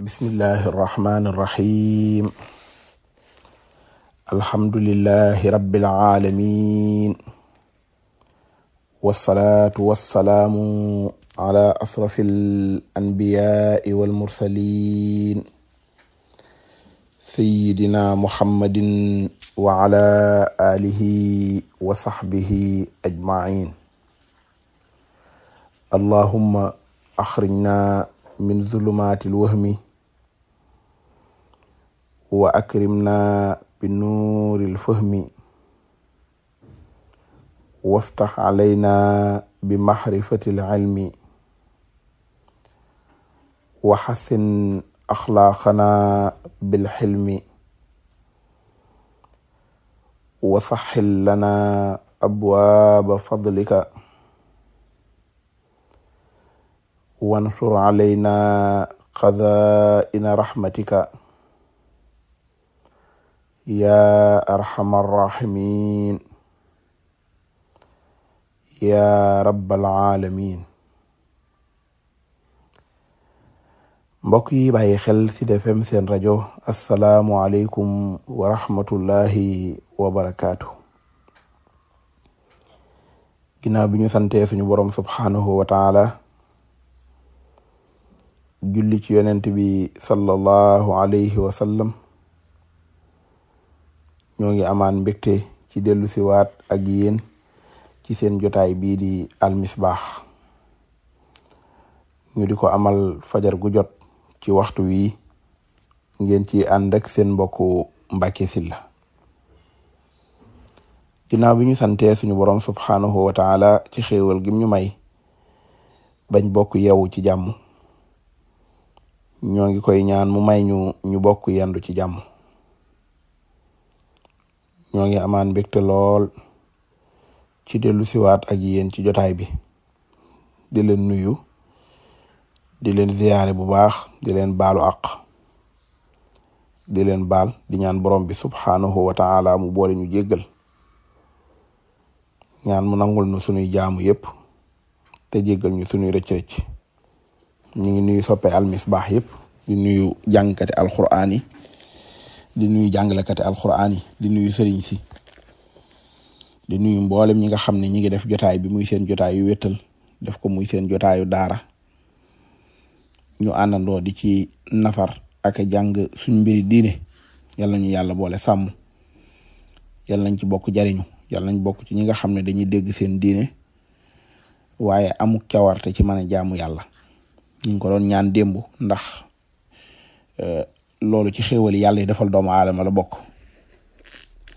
bismillahi irrahmani irrahim alhamdulilahi rabiilalamin walsalaatu walsalaamu ala asrafi alanbiyai walmursalin sayidina muhammadin wa ala alihi wa saxbihi ajmain allahumma axrijna min zulumaati alwahmi wa akrimna binuuril fahmi waftax alayna bimaxrifatil ilmi wa xasin axlaaqana bilxilmi wa saxil lana abwaaba fadlika wansur alayna xazaa'ina raxmatika yaa arhamar raahimiin rabbal aalamiin mbokk yi bàyyi xel ci Sud FM seen rajo assalaamu aleykum wa rahmatullahi wa ginnaaw bi ñu santee suñu borom subhaanahu wa taala julli ci yonent bi sallallahu alayhi wa ñoo ngi amaan mbégte ci dellu siwaat ak yéen ci seen jotaay bii di almisbaax ñu di ko amal fajar gu jot ci waxtu wi ngeen ci ànd seen mbokku Mbacke Sylla ginnaaw bi ñu santee suñu borom subhanahu wa ci xéewal gim ñu may bañ bokk yewu ci jàmm ñoo ngi koy ñaan mu may ñu ñu bokk yendu ci jàmm ñoo ngi amaan mbégte lool ci dellu siwaat ak yéen ci jotaay bi di leen nuyu di leen ziyaare bu baax di leen baalu àq di leen baal di ñaan borom bi subhaanahu wa ta'ala mu boole ñu jéggal ñaan mu nangul nu sunuy jaamu yépp te jéggal ñu sunuy rëcc-rëcc ñu ngi nuyu soppe Al Misbah yépp di nuyu jàngkati alquraan yi di nuyu jàngalekati alquran yi di nuyu sëriñ si di nuyu mboolem ñi nga xam ne ñi ngi def jotaay bi muy seen jotaay yu wéttal def ko muy seen jotaayu daara ñu àndandoo di ci nafar ak jàng suñ mbiri diine yal nañu yàlla boole sàmm yal nañ ci bokk jariñu yal nañ bokk ci ñi nga xam ne dañuy dégg seen diine waaye amuk cawarte ci mën a jaamu yàlla ñu ngi ko doon ñaan démb ndax euh, loolu ci xéewal yàlla defal doomu aadama la bokk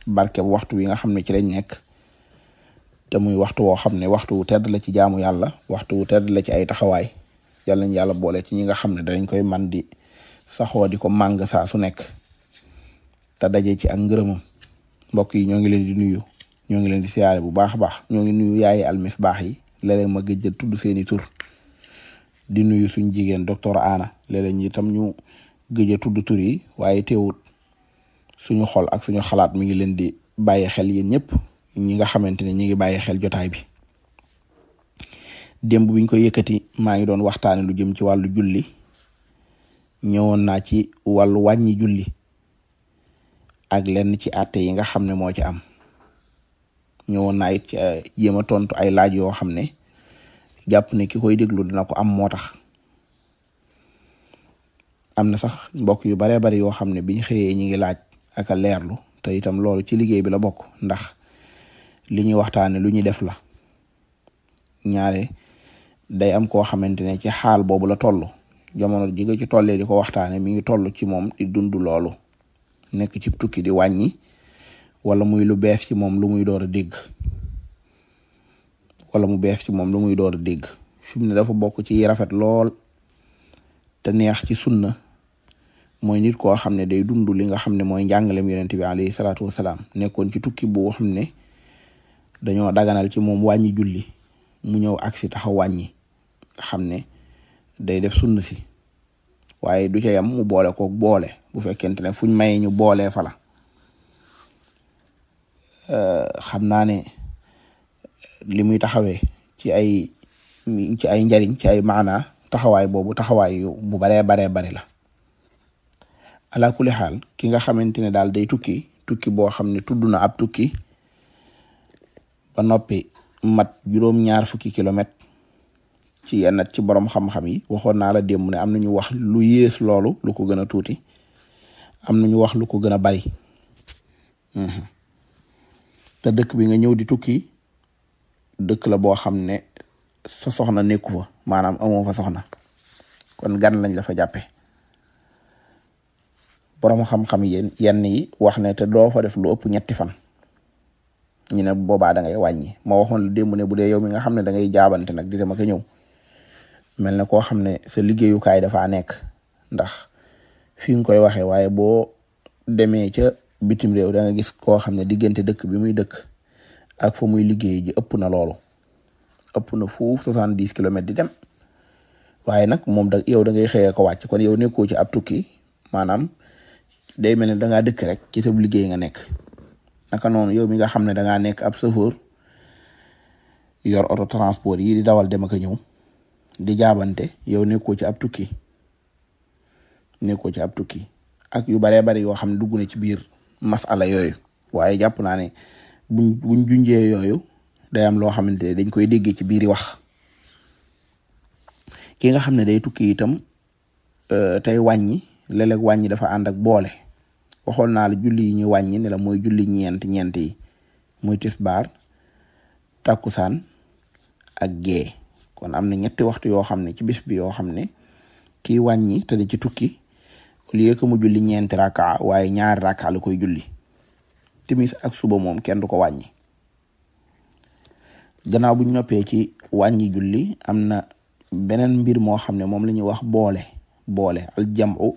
barke waxtu wi nga xam ne ci lañ nekk te muy waxtu woo xam ne waxtu wu tedd la ci jaamu yàlla waxtu wu tedd la ci ay taxawaay yàlla ñu yàlla boole ci ñi nga xam ne dañ koy man di saxoo di ko màng saa su nekk te daje ci ak ngërëmam mbokk yi ñoo ngi leen di nuyu ñoo ngi leen di siyaare bu baax a baax ñoo ngi nuyu yaayi almisbaax yi léeg ma gëj a tudd seeni tur di nuyu suñ jigéen docteur Anna léeg-léeg ñu gëj a tudd waaye teewut suñu xol ak suñu xalaat mi ngi leen di bàyyi xel yéen ñëpp ñi nga xamante ne ñi ngi bàyyi xel jotaay bi démb biñ ko yëkkati maa ngi doon waxtaane lu jëm ci wàllu julli ñëwoon naa ci wàllu wàññi julli ak lenn ci àtte yi nga xam ne moo ci am ñëwoon naa it eh, jéem a tontu ay laaj yoo xam ne jàpp ne ki koy déglu dina ko am moo tax am na sax mbokk yu baree bari yoo xam ne biñ xëyee ñi ngi laaj ak a leerlu te itam loolu ci liggéey bi la bokk ndax li ñuy waxtaane lu ñuy def la ñaare day am koo xamante ne ci xaal boobu la toll jamono ji nga ci tollee di ko waxtaane mi ngi toll ci moom di dund loolu nekk ci tukki di wàññi wala muy lu bees ci moom lu muy door a dégg wala mu bees ci moom lu muy door a dégg su mu ne dafa bokk ci rafet lool te neex ci sunna mooy nit koo xam ne day dund li nga xam ne mooy njàngalem yonent bi alayhi salaatu wasalaam nekkoon ci tukki boo xam ne dañoo daganal ci moom wàññi julli mu ñëw ak si taxaw wàññi xam ne day def sunn si waaye du ca yam mu boole kook boole bu fekkente ne fuñ maye ñu boolee fala xam naa ne li muy taxawee ci ay ci ay njariñ ci ay maana taxawaay boobu taxawaay bu baree baree bari la ala kulli xaal ki nga xamante ne daal day tukki tukki boo xam ne tudd na ab tukki ba noppi mat juróom-ñaar fukki kilomètre ci yenn ci borom xam-xam yi waxoon naa la démb ne am na ñu wax lu yées loolu lu ko gën a tuuti am na ñu wax lu ko gën a bari te dëkk bi nga ñëw di tukki dëkk la boo xam ne sa soxna nekku fa maanaam amoo fa soxna kon gan lañ la fa jàppee borom xam-xam yéen yenn yi wax ne te doo fa def lu ëpp ñetti fan ñu ne boobaa da ngay wàññi moo waxoon la démb ne bu dee yow mi nga xam ne da ngay jaabante nag di dem ak a ñëw mel na koo xam ne sa liggéeyukaay dafaa nekk ndax fi koy waxee waaye boo demee ca bitim réew da gis koo xam ne diggante dëkk bi muy dëkk ak fa muy liggéey ji ëpp na loolu ëpp na foofu soixante-dix kilomètres di dem waaye nag moom da yow da ngay xëyee ko wàcc kon yow nekkoo ci ab tukki maanaam day mel ne da dëkk rek ki sa liggéey nga nekk naka noonu yow mi nga xam ne da nekk ab chauffeur yor auto transport yi di dawal dem ak ñëw di jaabante yow nekkoo ci ab tukki nekkoo ci ab tukki ak yu baree bari yoo xam ne dugg na ci biir masala yooyu waaye jàpp naa ne buñ buñ yooyu day am loo xamante ne dañ koy déggee ci biiri wax ki nga xam ne day tukki itam euh, tey wàññi léeg-léeg wàññi dafa ànd ak boole waxoon naa la julli yi ñu wàññi ne la mooy julli ñeent ñeent yi muy tisbaar takkusaan ak gee kon am na ñetti waxtu yoo xam ne ci bis bi yoo xam ne kii wàññi te ci tukki au lieu que mu julli ñeenti raka waaye ñaari raka koy julli timis ak suba moom kenn du ko wàññi gannaaw bu ñu noppee ci wàññi julli am na beneen mbir moo xam ne moom la wax boole boole al jam'u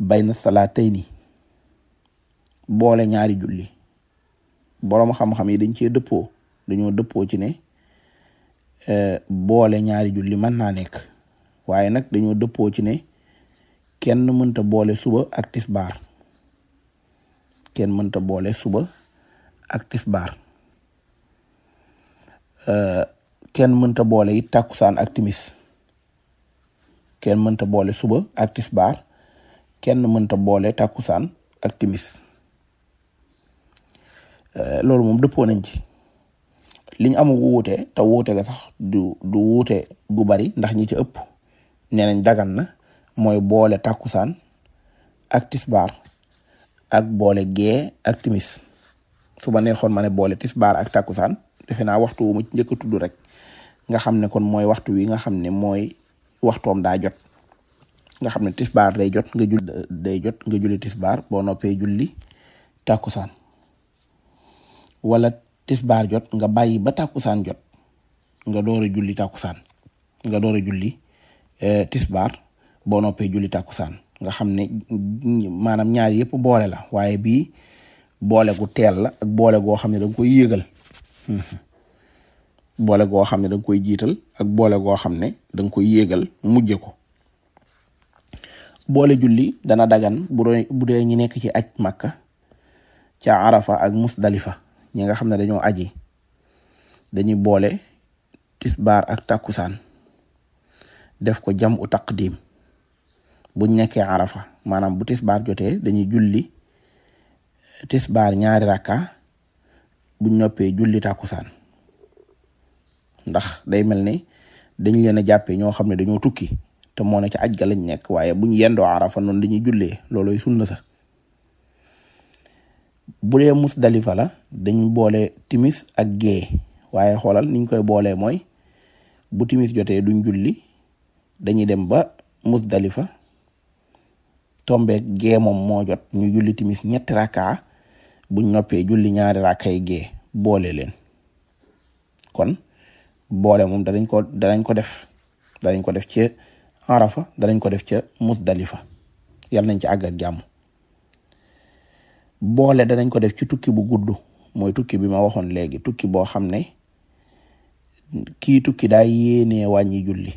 bayna salaatayni boole ñaari julli boroom xam-xam yi dañ cee dëppoo dañoo dëppoo ci ne e, boole ñaari julli mën naa nekk waaye nag dañoo dëppoo ci ne kenn mënta boole suba actis baar kenn mënta boole suba ak tisbaar e, kenn mënta boole it tàkkusaan ak timis kenn mënta boole suba ak tisbaar kenn mënta boole takkusaan ak timis Euh, loolu moom dëppoo nañ ci liñ amul wuute te wuute ga sax du du wuute gu bari ndax ñi ci ëpp nee nañ dagan na mooy boole tàkkusaan ak tisbaar ak boole gee ak timis su ma neexoon ma ne boole tisbaar ak tàkkusaan defe naa waxtu wu ma njëkk a tudd rek nga xam ne kon mooy waxtu wi nga xam ne mooy waxtoom daa jot nga xam ne tisbaar day jot nga julli day jot nga julli tisbaar boo noppee julli tàkkusaan wala tisbaar jot nga bàyyi ba takkusaan jot nga door a julli tàkkusaan nga door a julli eh, tisbaar boo noppee julli tàkkusaan nga xam ne maanaam ñaari yëpp boole la waaye bi boole gu teel la ak boole goo xam ne da koy yëgal hmm. boole goo xam ne da koy jiital ak boole goo xam ne da koy yéegal mujje ko boole julli dana dagan bu dee bu dee ñu nekk ci aj màkka ca arafa ak musdalifa ñi nga xam ne dañoo aji dañuy boole tisbaar ak takkusaan def ko jam u diim buñ nekkee arafa maanaam bu tisbaar jotee dañuy julli tisbaar ñaari rakka buñ noppee julli takkusaan ndax day mel ni dañ leen a jàppee ñoo xam ne dañoo tukki te moo ne ci aj ga lañ nekk waaye buñ yendoo arafa noon dañuy jullee looloy sunna sa bu dee Musdalifa la dañ boole timis ak gée waaye xoolal niñ koy boolee mooy bu timis jotee duñ julli dañuy dem ba Musdalifa tombeek gée moom moo jot ñu julli timis ñetti rakka buñ noppee julli ñaari rakkay gée boole leen kon boole moom danañ ko danañ ko def danañ ko def ca Arafa danañ ko def ca Musdalifa yàlla nañ ci àgg ak jàmm boole danañ ko def ci tukki bu gudd mooy tukki bi ma waxoon léegi tukki boo xam ne kii tukki daa yéenee wàññi julli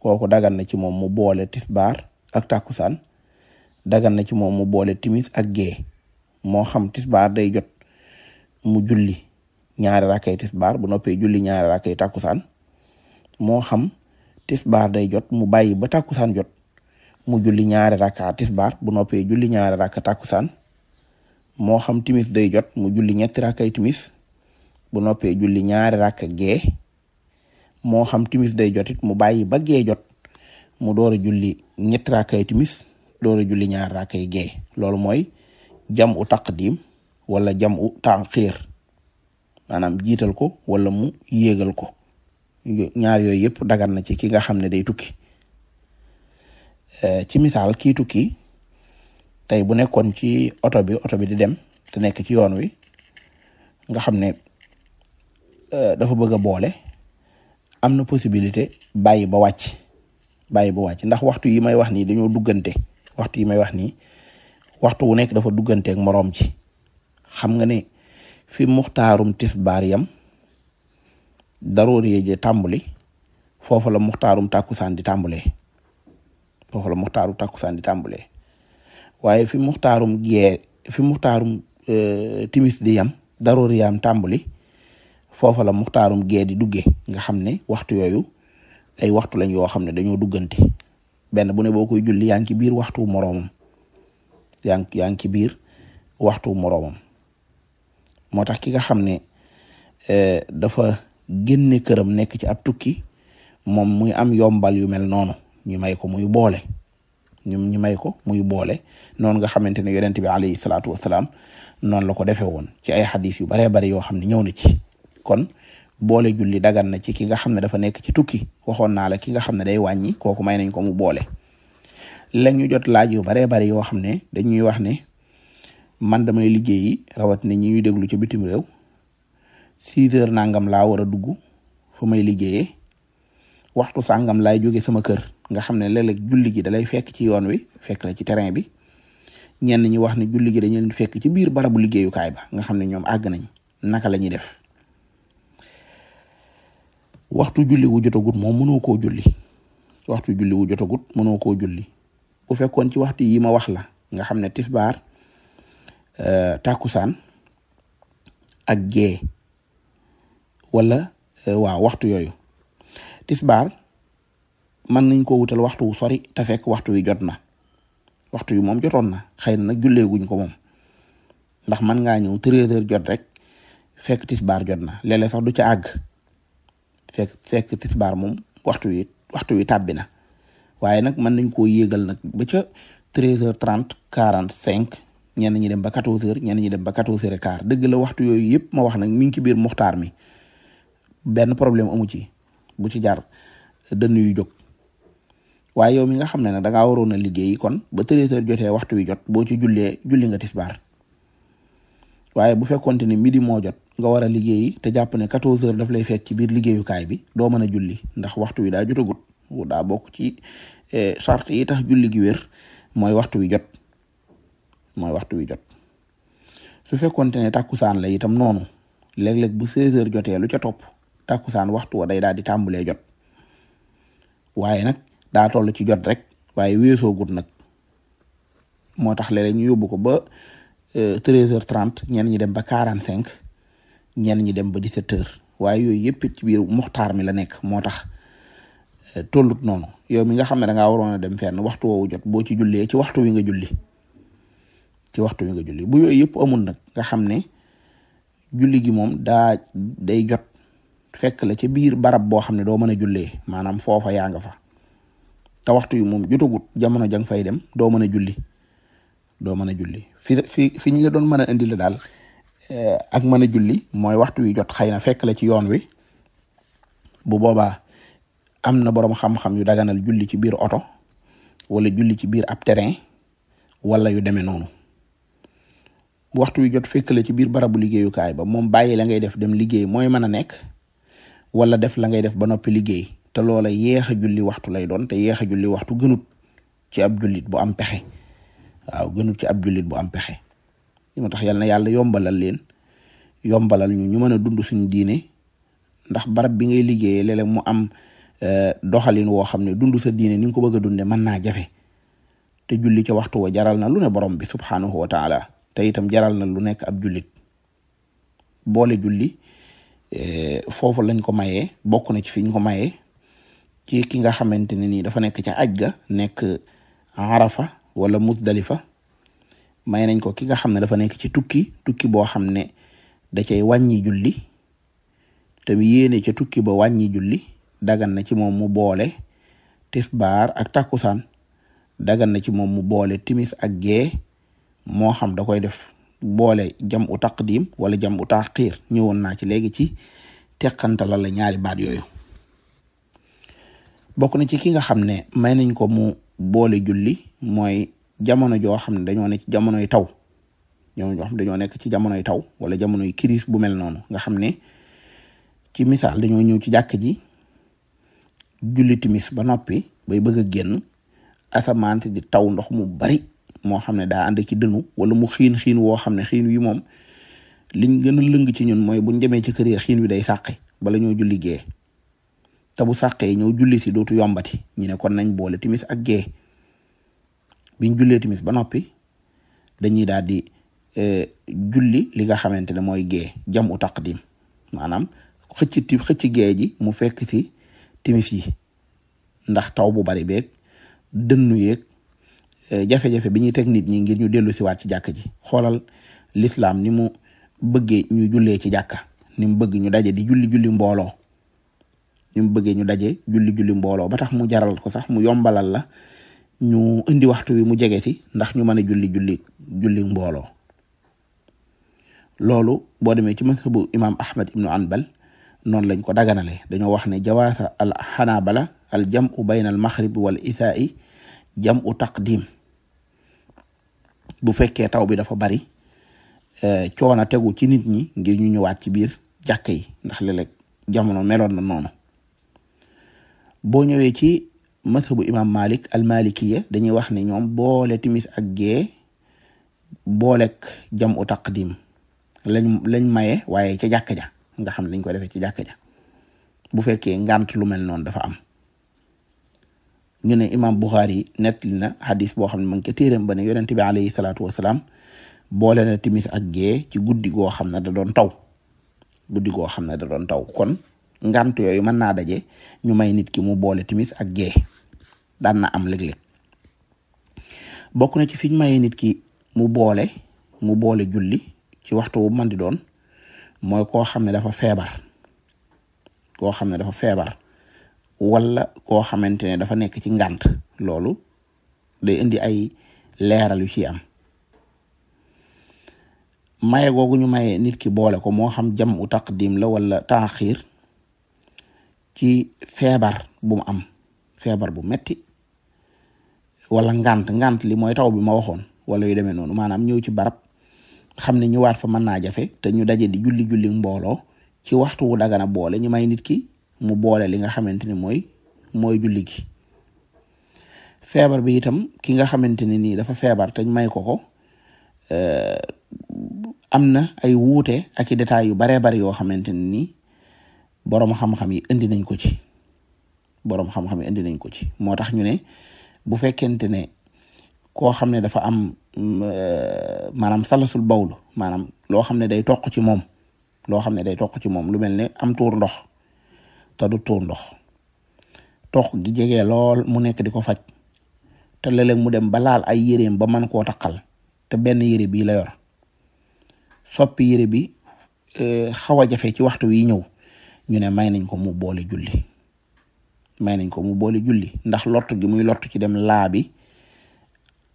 kooku dagan na ci moom mu boole tisbaar ak takkusaan dagan na ci moom mu boole timis ak gee moo xam tisbaar day jot mu julli ñaari rakkay tisbaar bu noppee julli ñaari rakkay takkusaan moo xam tisbaar day jot mu bàyyi ba takkusaan jot mu julli ñaari rakka tisbaar bu noppee julli ñaari rakka takkusaan moo xam timis day jot mu julli ñetti rakkay timis bu noppee julli ñaari rakk gee moo xam timis day jotit mu bàyyi ba gee jot mu door julli ñetti rakkay timis door julli julli ñaari rakkay gee loolu mooy jam u taqdim wala jam u tànxiir maanaam jiital ko wala mu yéegal ko ñaar yooyu yëpp dagan na ci ki nga xam ne day tukki eh, ci misaal kii tukki tey bu nekkoon ci oto bi oto bi di dem te nekk ci yoon wi nga xam ne euh, dafa bëgg a boole am na possibilité bàyyi ba wàcc bàyyi ba wàcc ndax waxtu yi may wax nii dañoo duggante waxtu yi may wax nii waxtu wu nekk dafa duggante ak moroom ci xam nga ne fi muxtaarum baar yam daroor yeje tàmbali foofu la muxtaarum tàkkusaan di tàmbalee foofu la muxtaaru tàkkusaan di tàmbalee waaye fi muxtaarum gee fi muxtaarum e, timis di yam daroori yaam tàmbali foofa la muxtaarum gee di duggee nga xam ne waxtu yooyu ay waxtu lañ yoo xam ne dañoo duggante benn bu ne boo koy julli yaa ngi ci biir waxtu moroomam yaa ngi yaa ngi ci biir waxtu moroomam moo tax ki nga xam ne e, dafa génne këram nekk ci ab tukki moom muy am yombal yu mel noonu ñu may ko muy boole ñoom ñu may ko muy boole noonu nga xamante ne yonent bi alayhi salaatu wasalaam noonu la ko defee woon ci ay xadis yu baree bari yoo xam ne ñëw na ci kon boole julli dagan na ci ki nga xam ne dafa nekk ci tukki waxoon naa la ki nga xam ne day wàññi kooku may nañ ko mu boole la ñu jot laaj yu baree bari yoo xam ne dañuy wax ne man damay liggéeyi rawat ne ñi ñuy déglu ci bitim réew six heures nangam laa war a dugg fu may liggéeye waxtu sàngam laay jóge sama kër nga xam ne léeg julli gi dalay fekk ci yoon wi fekk la ci terrain bi ñenn ñi wax ne julli gi dañu fekk ci biir barabu liggéeyukaay ba nga xam ne ñoom àgg nañ naka la def waxtu julli wu jotagut moom mënoo koo julli waxtu julli wu mënoo koo julli bu fekkoon ci waxtu yi ma wax la nga xam ne tisbaar euh, takkusaan ak gee wala euh, waaw waxtu yooyu tisbaar mën nañ ko wutal waxtu wu sori te fekk waxtu wi jot na waxtu wi moom jotoon na xëy na nag julleeguñ ko moom ndax mën ngaa ñëw treize jot rek fekk tisbaar jot na léeg-léeg sax du ca àgg fekk fekk tisbaar moom waxtu wi waxtu wi tàbbi na waaye nag mën nañ koo yéegal nag ba ca treize heures trente quarante cinq ñenn ñi dem ba quatorze heures ñenn ñi dem ba quatorze heures et quart dëgg la waxtu yooyu yëpp ma wax nag mi ngi ci biir muxtaar mi benn problème amu ci bu ci jaar dënn yu jóg waaye yow mi nga xam ne nag da ngaa waroon a liggéey kon ba treize heures jotee waxtu wi jot boo ci jullee julli nga tisbaar waaye bu fekkonte ne midi moo jot nga war a liggéeyi te jàpp ne quatorze heures daf lay fekk ci biir liggéeyukaay bi doo mën a julli ndax waxtu wi daa jotagut daa bokk ci eh, charte yi tax julli gi mooy waxtu wi jot mooy waxtu wi jot su fekkonte ne tàkkusaan la itam noonu léeg-léeg bu seize heures jotee lu ca topp tàkkusaan waxtu wa day daal di tàmbulee jot waaye nag daa toll ci jot rek waaye weesoo gut nag moo tax léeg-léeg ñu yóbbu ko ba euh, treize heures trente ñenn ñi dem ba quarante cinq ñenn ñi dem ba dix sept waaye yooyu yëpp ci biir muxtaar mi la nekk moo tax euh, tollut noonu yow mi nga xam ne da ngaa waroon a dem fenn waxtu woowu jot boo ci jullee ci waxtu wi nga julli ci waxtu wi nga julli bu yooyu yëpp amul nag nga xam ne julli gi moom daa day jot fekk la ci biir barab boo xam ne doo mën a jullee maanaam foofa yaa nga fa. te waxtu yu moom jotagut jamono jang fay dem doo mën a julli doo mën a julli fi fi fi ñu la doon mën a indi la daal eh, ak mën a julli mooy waxtu yu jot xay na fekk la ci yoon wi bu boobaa am na boroom xam-xam yu daganal julli ci biir oto wala julli ci biir ab terrain wala yu demee noonu waxtu yu jot fekk le ci biir barabu liggéeyukaay ba moom bàyyi la ngay def dem liggéey mooy mën a nekk wala def la ngay def ba noppi liggéey te loola yéex a julli waxtu lay doon te yéex a julli waxtu gënut ci ab jullit bu am pexe waaw gënut ci ab jullit bu am pexe li ma tax yal na yàlla yombalal leen yombalal ñu ñu mën a dund suñu diine ndax barab bi ngay liggéeyee léeg mu am eh, doxalin woo xam ne dund sa diine ni nga ko bëgg a dunde mën naa jafe te julli ca waxtu wa jaral na lu ne borom bi subhanahu wa taala te itam jaral na lu nekk ab jullit boole julli eh, foofu lañ ko maye bokk na ci fi ko mayee ci ki nga xamante ne nii dafa nekk ca aj ga nekk arafa wala musdalifa maye nañ ko ki nga xam ne dafa nekk ci tukki tukki boo xam ne da cay wàññi julli te mu yéene ca tukki bo wàññi julli dagan na ci moom mu boole tisbaar ak takkusaan dagan na ci moom mu boole timis ak gee moo xam da koy def boole jam u taqdim wala jam u ñëwoon naa ci léegi ci teqantal la ñaari baat yooyu bokk na ci ki nga xam ne may nañ ko mu boole julli mooy jamono joo xam ne dañoo ne ci jamonoy taw ñoo ñoo dañoo nekk ci jamonoy taw wala jamonoy crise bu mel noonu nga xam ne ci misaal dañoo ñëw ci jàkk ji julli timis ba noppi bay bëgg a génn asamaan si di taw ndox mu bari moo xam ne daa ànd ci dënu wala mu xiin xiin woo xam ne xiin wi moom liñ gën a lëng ci ñun mooy buñ demee ci kër yi xiin wi day sàqi bala ñoo julli gee te bu sàqee ñëw julli si dootu yombati ñu ne kon nañ boole timis ak gee biñ jullee timis ba noppi dañuy daal di eh, julli li nga xamante ne mooy gee jam u taqdim maanaam xëcc xëcc gee ji mu fekk si timis yi ndax taw bu bari beeg dënnu yeeg eh, jafe-jafe bi ñuy teg ñi ngir ñu dellu si waat ci jàkk ji xoolal lislaam ni mu bëggee ñu jullee ci jàkka ni mu bëgg ñu daje di julli julli mbooloo ñu mu bëggee ñu daje julli julli mbooloo ba tax mu jaral ko sax mu yombalal la ñu indi waxtu wi mu jege si ndax ñu mën a julli julli julli mbooloo loolu boo demee ci bu imaam Ahmad ibnu Anbal noonu lañ ko daganale dañoo wax ne jawaasa al xanaabala al jam'u bayna al maghrib wal isaa'i jam'u taqdim bu fekkee taw bi dafa bari eh, coona tegu ci nit ñi ngir ñu ñëwaat ci biir jàkka yi ndax léeg-léeg jamono meloon na noonu boo ñëwee ci madhabu imam malik al malikiya dañuy wax ne ñoom boole timis ak gee boolek jam u taqdim lañ lañ maye waaye ca jàkka ja nga xam ne ko defee ci jàkka ja bu fekkee ngant lu mel noonu dafa am ñu ne imam Bukhari nettali na hadis boo xam ne mu ngi ca téeram ba ne yonente bi alayhi salaatu wasalaam boole na timis ak gee ci guddi goo xam ne da doon taw guddi goo xam ne da doon taw kon ngant yooyu mën naa daje ñu may nit ki mu boole timis ak gee daan na am léeg-léeg bokk na ci fiñ ñu mayee nit ki mu boole mu boole julli ci waxtu wu man di doon mooy koo xam ne dafa feebar koo xam ne dafa feebar wala koo xamante ne dafa nekk ci ngant loolu day indi ay leeral yu ci am maye googu ñu maye nit ki boole ko moo xam jam u taqdim la wala taaxiir ci feebar bu am feebar bu metti wala ngant ngant li mooy taw bu ma waxoon wala yu demee noonu maanaam ñëw ci barab xam ne ñëwaat fa mën naa jafe te ñu daje di julli julli mbooloo ci waxtu wu dagana boole ñu may nit ki mu boole li nga xamante ni mooy mooy julli gi feebar bi itam ki nga xamante ne nii dafa feebar te may ko ko eh, am na ay wuute ak i détails yu baree bari yoo xamante ne nii boroom xam-xam yi indi nañ ko ci boroom xam indi nañ ko ci moo tax ñu ne bu fekkente ne koo xam ne dafa am euh, maanaam salasul bawlu maanaam loo xam ne day toq ci moom loo xam ne day toq ci moom lu mel ne am tuur ndox te du tuur ndox toq gi jege lool mu nekk di ko faj te léeg mu dem ba laal ay yéreem ba man koo taqal te benn yére bii la yor soppi yére bi euh, xaw a jafe ci waxtu wi ñëw ñu ne may nañ ko mu boole julli may nañ ko mu boole julli ndax lott gi muy lott ci dem laa bi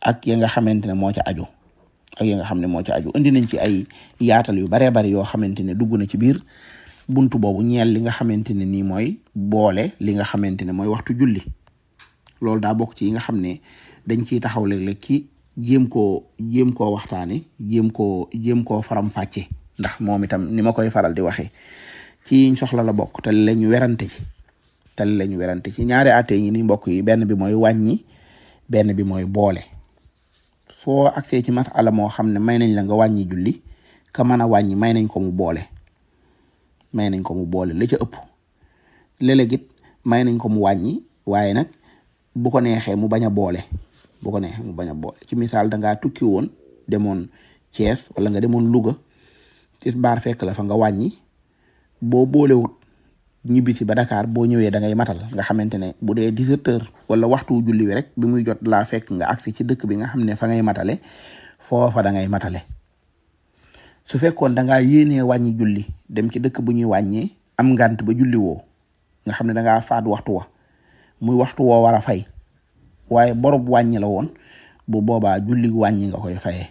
ak ya nga xamante ne moo ca aju ak ya nga xam ne moo ca aju indi nañ ci ay yaatal yu baree bari yoo xamante ne dugg na ci biir buntu boobu ñeel li nga xamante ne nii mooy boole li nga xamante ne mooy waxtu julli loolu daa bokk ci yi nga xam ne dañ ciy taxaw léeg-léeg ki jéem koo jéem koo waxtaane jéem koo jéem koo faram fàcce ndax moom itam ni ma koy faral di waxee ci yiñ soxla la bokk te lañu werante ci te lañu werante ci ñaari àtte yi ni mbokk yi benn bi mooy wàññi benn bi mooy boole foo agsee ci masala moo xam ne may nañ la nga wàññi julli ka mën a wàññi may nañ ko mu boole may nañ ko mu boole la ca ëpp léeg-léeg may nañ ko mu wàññi waaye nag bu ko neexee mu bañ a boole bu ko neexee bañ a ci misaal da tukki woon demoon Thiès wala nga demoon Louga tisbaar fekk la fa nga wàññi boo boolewut ñibbisi ba Dakar boo ñëwee da ngay matal nga xamante ne bu dee 17 wala waxtu julli wi rek ba muy jot laa fekk nga agsi ci dëkk bi nga xam ne fa ngay matale foofa da ngay matale su fekkoon da ngaa yéenee wàññi julli dem ci dëkk bu ñuy wàññee am ngant ba julli woo nga xam ne da ngaa waxtu wa muy waxtu woo war a fay waaye borob wàññi la woon bu boobaa julli wàññi nga koy fayee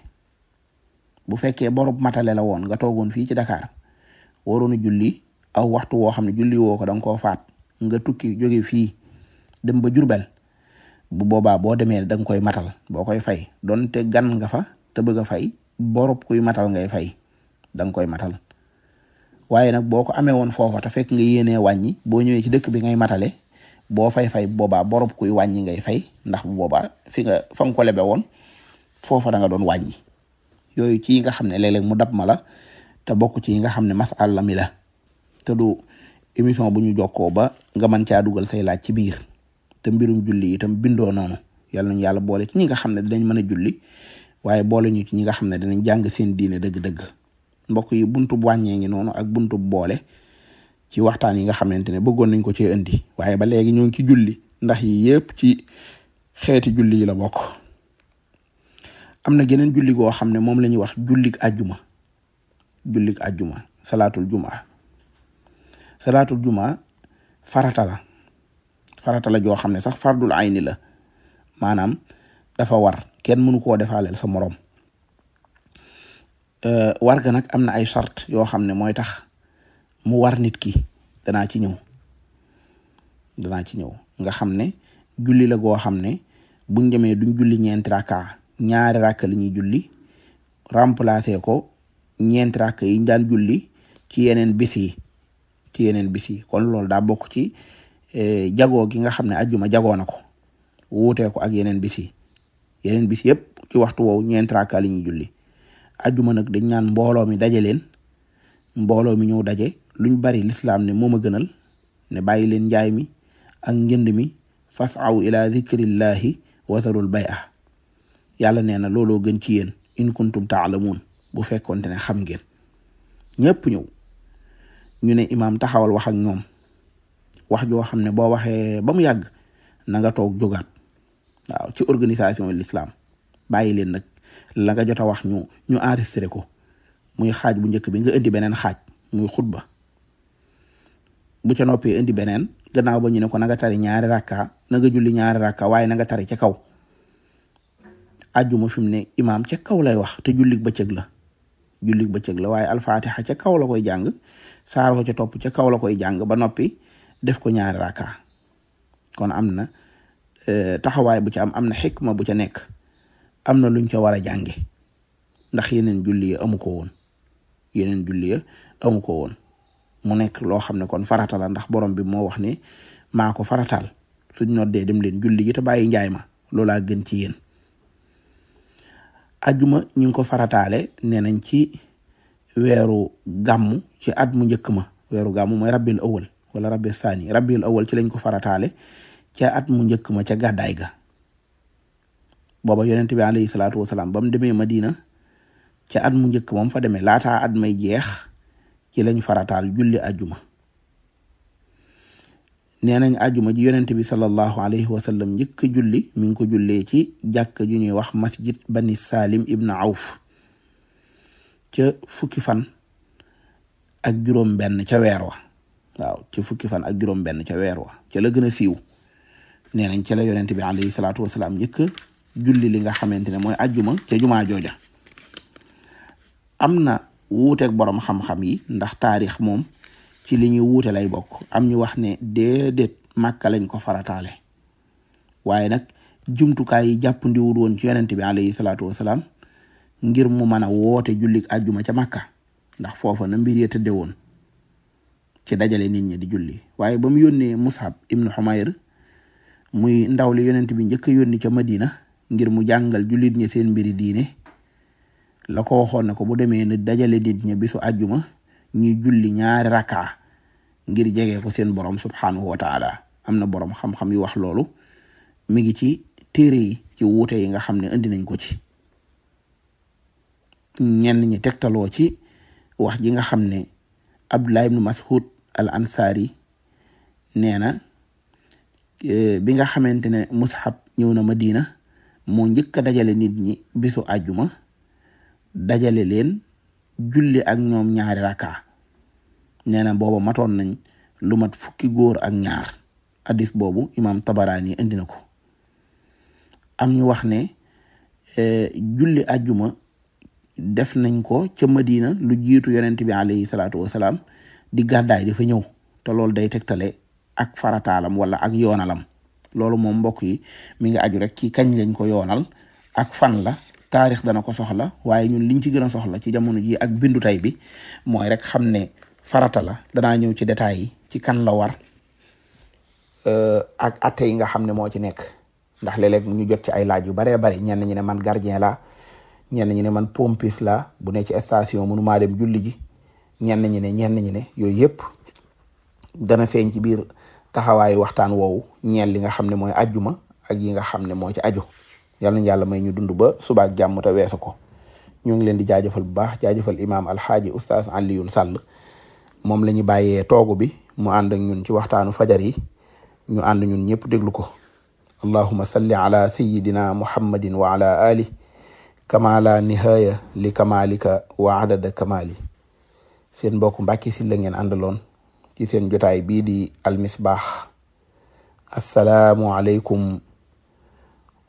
bu fekkee borob matale la woon nga toogoon fii ci Dakar. waroon a julli aw waxtu woo xam ne julli woo ko da nga koo faat nga tukki jóge fii dem ba Jurbel bu boobaa boo demee da nga koy matal boo koy fay donte gan nga fa te bëgg a fay borob kuy matal ngay fay da koy matal waaye nag boo ko amee woon foofa nga yéenee wàññi boo ñëwee ci dëkk bi ngay matale boo fay-fay boobaa borob kuy wàññi ngay fay ndax bu fi nga fa ko lebe woon foofa da nga doon wàññi yooyu ci nga xam ne léeg-léeg mu dab ma la te bokk ci yi nga xam ne masala mi la te du émission bu ñu jokkoo ba nga mën caa dugal say laaj ci biir te mbirum julli itam bindoo noonu yàlla nañu yàlla boole ci ñi nga xam ne dinañ mën a julli waaye boole ci ñi nga xam ne dinañ jàng seen diine dëgg-dëgg mbokk yi buntu bu wàññee ngi noonu ak buntu boole ci waxtaan yi nga xamante ne bëggoon nañ ko cee indi waaye ba léegi ñoo ngi ci julli ndax yi yépp ci xeeti julli yi la bokk am na geneen julli goo xam ne moom la ñuy wax jullig ajuma jullik juma salaatul juma salaatul juma farata la farata la joo xam ne sax fardul ayni la maanaam dafa war kenn mënu koo defaaleel sa moroom war nag am na ay sart yoo xam ne mooy tax mu war nit ki danaa ci ñëw danaa ci ñëw nga xam ne julli la goo xam ne buñ demee duñ julli ñeenti raka ñaari raka la ñuy julli remplacer ko ñeent rakk yi ñu daan julli ci yeneen bis yi ci yeneen bis yi kon loolu daa bokk ci eh, jagoo gi nga xam ne ajjuma jagoo na ko wuutee ko ak yeneen bis yi yeneen bis yëpp ci waxtu woowu ñeent rakk la ñuy julli ajjuma nag dañ naan mbooloo mi daje leen mbooloo mi ñëw daje luñ bari lislaam ne moom a gënal ne bàyyi leen njaay mi ak njënd mi fasaw aw ila zikrillahi wasarul bay ah yàlla nee na looloo gën ci yéen in kuntum taalamuun bu fekkonte ne xam ngeen ñëpp ñëw ñu ne imaam taxawal wax ak ñoom wax joo xam ne boo waxee ba mu yàgg nanga toog jógaat waaw ci organisation l'islam bàyyi leen nag la nga jot a wax ñu ñu enregistré ko muy xaaj bu njëkk bi nga indi beneen xaaj muy xutba bu ca noppee indi beneen gannaaw ba ñu ne ko na nga tari ñaari rakka na julli ñaari rakka waaye na nga tari ca kaw àjjuma fi mu ne imaam ca kaw lay wax te ba bëccëg la julli bëccëg la waaye alfaatixa ca kaw la koy jàng saar ko ca topp ce kaw la koy jàng ba noppi def ko ñaari raka kon am na e, taxawaay bu ca am am na xikma bu ca nekk am na luñ ca war a jànge ndax yeneen julli amu ko woon yeneen julli amu ko woon mu nekk loo xam ne kon faratala ndax borom bi moo wax ne maa faratal farataal suñ noddee dem leen julli ta te bàyyi njaay ma loolaa gën ci yéen ajuma ñu ngi ko farataale nee nañ ci weeru gàmm ci at mu njëkk ma weeru gàmm mooy rabbil awal wala rabbi saani rabbil awal ci lañ ko farataale ca at mu njëkk ma ca gàddaay ga booba yonent bi alayhi salaatu wasalaam ba mu demee Madina ca at mu njëkk moom fa demee laata at may jeex ci lañ farataal julli ajuma nee nañ ajuma ji yonent bi sallallahu alayhi wa sallam njëkk julli mi ngi ko jullee ci jàkk ju ñuy wax masjid bani salim ibn awf ca fukki fan ak juróom benn ca weer wa waaw fukki fan ak juróom ca weer wa ca la gën a siiw nee nañ ca la yonent bi alayhi salaatu wasalaam njëkk julli li nga xamante ne mooy ajjuma ca jumaa jooja am na wuuteeg boroom xam-xam yi ndax taarix moom ci li ñuy wuute lay bokk am ñu wax ne déedéet màkka lañ ko farataale waaye nag jumtukaay yi jàppandiwul woon ci yonent bi alayhi salaatu wasalaam ngir mu mën a woote jullik àjjuma ca màkka ndax foofa na mbir ya tëdde woon ci dajale nit ñi di julli waaye ba mu yónnee Musab ibnu Xumayr muy ndaw li yonent bi njëkk a yónni ca Madina ngir mu jàngal jullit ñi seen mbiri diine la ko waxoon ne ko bu demee na dajale nit ñi bisu àjjuma ñuy julli ñaari raka ngir jege ko seen borom subhanahu wa taala am na borom xam-xam yu wax loolu mi ngi ci téere yi ci wuute yi nga xam ne andi nañ ko ci ñenn ñi tegtaloo ci wax ji nga xam ne Abdullah ibn Mas'ud al ansari nee na e, bi nga xamante ne Mus'ab ñëw na Madina moo njëkk a dajale nit ñi bisu àjjuma dajale leen julli ak ñoom ñaari raka nee na booba matoon nañ lu mat fukki góor ak ñaar hadis boobu imaam tabaraani indi na ko am ñu wax ne eh, julli ajuma def nañ ko ca madina lu jiitu yonent bi alayhi salaatu wasalaam di gàddaay di fa ñëw te loolu day tegtale ak farataalam wala ak yoonalam loolu moom mbokk yi mi ngi aju rek ci kañ lañ ko yoonal ak fan la taarix dana ko soxla waaye ñun liñ ci gën a soxla ci jamono ji ak bindu tay bi mooy rek xam ne farata la danaa ñëw ci détails yi ci kan la war euh, ak atte yi nga xam ne moo ci nekk ndax léeg-léeg ñu jot ci ay laaj yu baree bari ñenn ñi ne man gardien la ñenn ñi ne man pompis la bu ne ci station mënu maa dem julli ji ñenn ñi ne ñenn ñi ne yooyu yëpp dana feeñ ci biir taxawaayu waxtaan woowu ñeel li nga xam ne mooy ajjuma ak yi nga xam ne moo ci aju yal nañu yàlla may ñu dundu ba subaak ak jàmm ta weesu ko ñoo ngi leen di jaajëfal bu baax jaajëfal imaam alxaaji oustaz Alioune Sall moom la ñu bàyyee toogu bi mu ànd ak ñun ci waxtaanu fajar yi ñu ànd ñun ñëpp déglu ko allahuma salli ala sayidina muhammadin wa ala ali kama la nihaaya li kamalika wa adada kamali seen mbokk Mbàkke Sylla ngeen àndaloon ci seen jotaay bii di almisbaax assalaamu aleykum